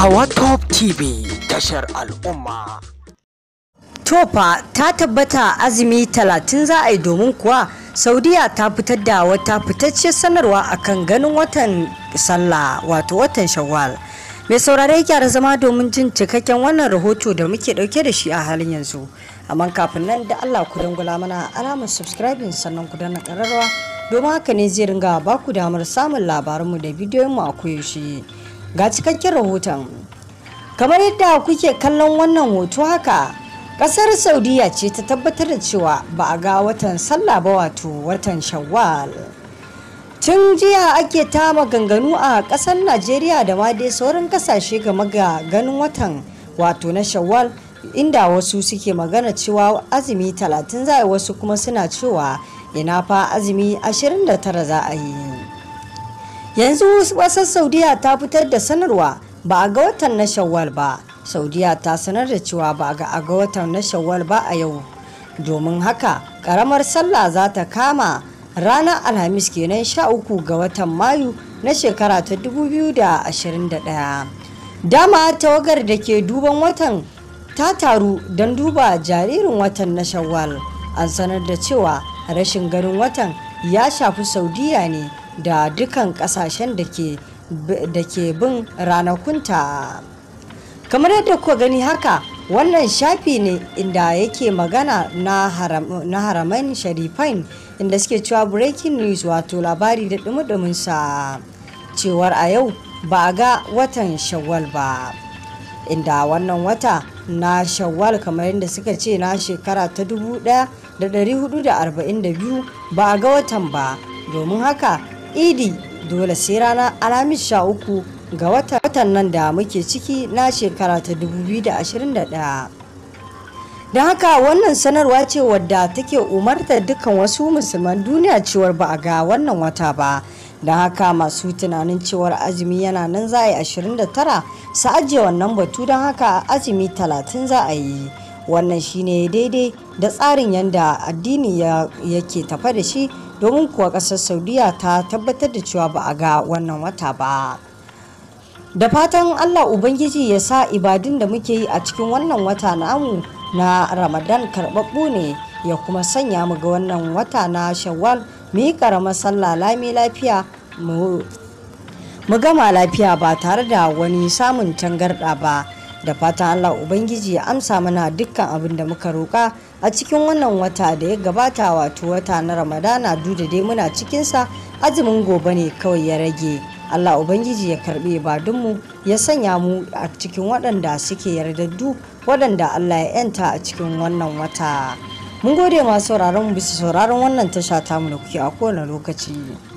Sawa Top TV tashar al'umma. Tofa ta tabbata azumi talatin za a yi domin kuwa Saudiya ta fitar da wata fitacciyar sanarwa a kan ganin watan sallah wato watan Shawwal. Mai saurare gyara zama domin jin cikakken wannan rahoto da muke dauke da shi a halin yanzu. Amma kafin nan da Allah ku dangula mana alamar subscribing sannan ku danna kararrawa domin haka ne zai ringa baku damar samun labaranmu da bidiyoyinmu a koyaushe. ga cikakken rahoton kamar yadda kuke kallon wannan hoto haka kasar saudiya ce ta tabbatar da cewa ba a ga watan sallah ba wato watan shawwal tun jiya ake ta ganganu a kasar najeriya da ma dai sauran kasashe game ga ganin watan wato na shawwal inda wasu suke magana cewa azumi 30 za a yi wasu kuma suna cewa ina fa azumi 29 za a yi yanzu wasan saudiya ta fitar da sanarwa ba a ga watan na shawwal ba saudiya ta sanar da cewa ba a ga watan na shawwal ba a yau domin haka karamar sallah za ta kama ranar alhamis kenan sha uku ga watan mayu na shekara ta 2021 dama tawagar da ke duban watan ta taru don duba jaririn watan na shawwal an sanar da cewa rashin ganin watan ya shafi saudiya ne da dukkan kasashen da ke bin ranakunta kamar yadda kuka gani haka wannan shafi ne inda yake magana na, haramain haraman sharifain inda suke cewa breaking news wato labari da dumi sa cewar a yau ba a ga watan shawwal ba inda wannan wata na shawwal kamar yadda suka ce na shekara ta 1442 ba a ga watan ba domin haka idi dole sai rana alhamis sha uku ga watan nan da muke ciki na shekara ta 2021 da haka wannan sanarwa ce wadda take umartar dukkan wasu musulman duniya cewar ba a ga wannan wata ba da haka masu tunanin cewar azumi yana nan za a yi 29 su ajiye wannan batu don haka azumi 30 za a yi wannan shine daidai da tsarin yadda addini yake tafa da shi domin kuwa ƙasar saudiya ta tabbatar da cewa ba a ga wannan wata ba da fatan allah ubangiji ya sa ibadun da muke yi a cikin wannan wata namu na ramadan karbabbu ne ya kuma sanya mu ga wannan wata na shawwal mu yi ƙaramar sallah lami lafiya mu gama lafiya ba tare da wani samun tangarɗa ba da fatan Allah Ubangiji ya amsa mana dukkan abin da muka roƙa a cikin wannan wata da ya gabata wato wata na Ramadana duk da dai muna cikin sa azumin gobe ne kawai ya rage. Allah Ubangiji ya karɓe badunmu ya sanya mu a cikin waɗanda suke yardaddu waɗanda Allah ya yanta a cikin wannan wata. Mun gode masu sauraron mu bisa sauraron wannan tasha tamu da kuke a kowane lokaci.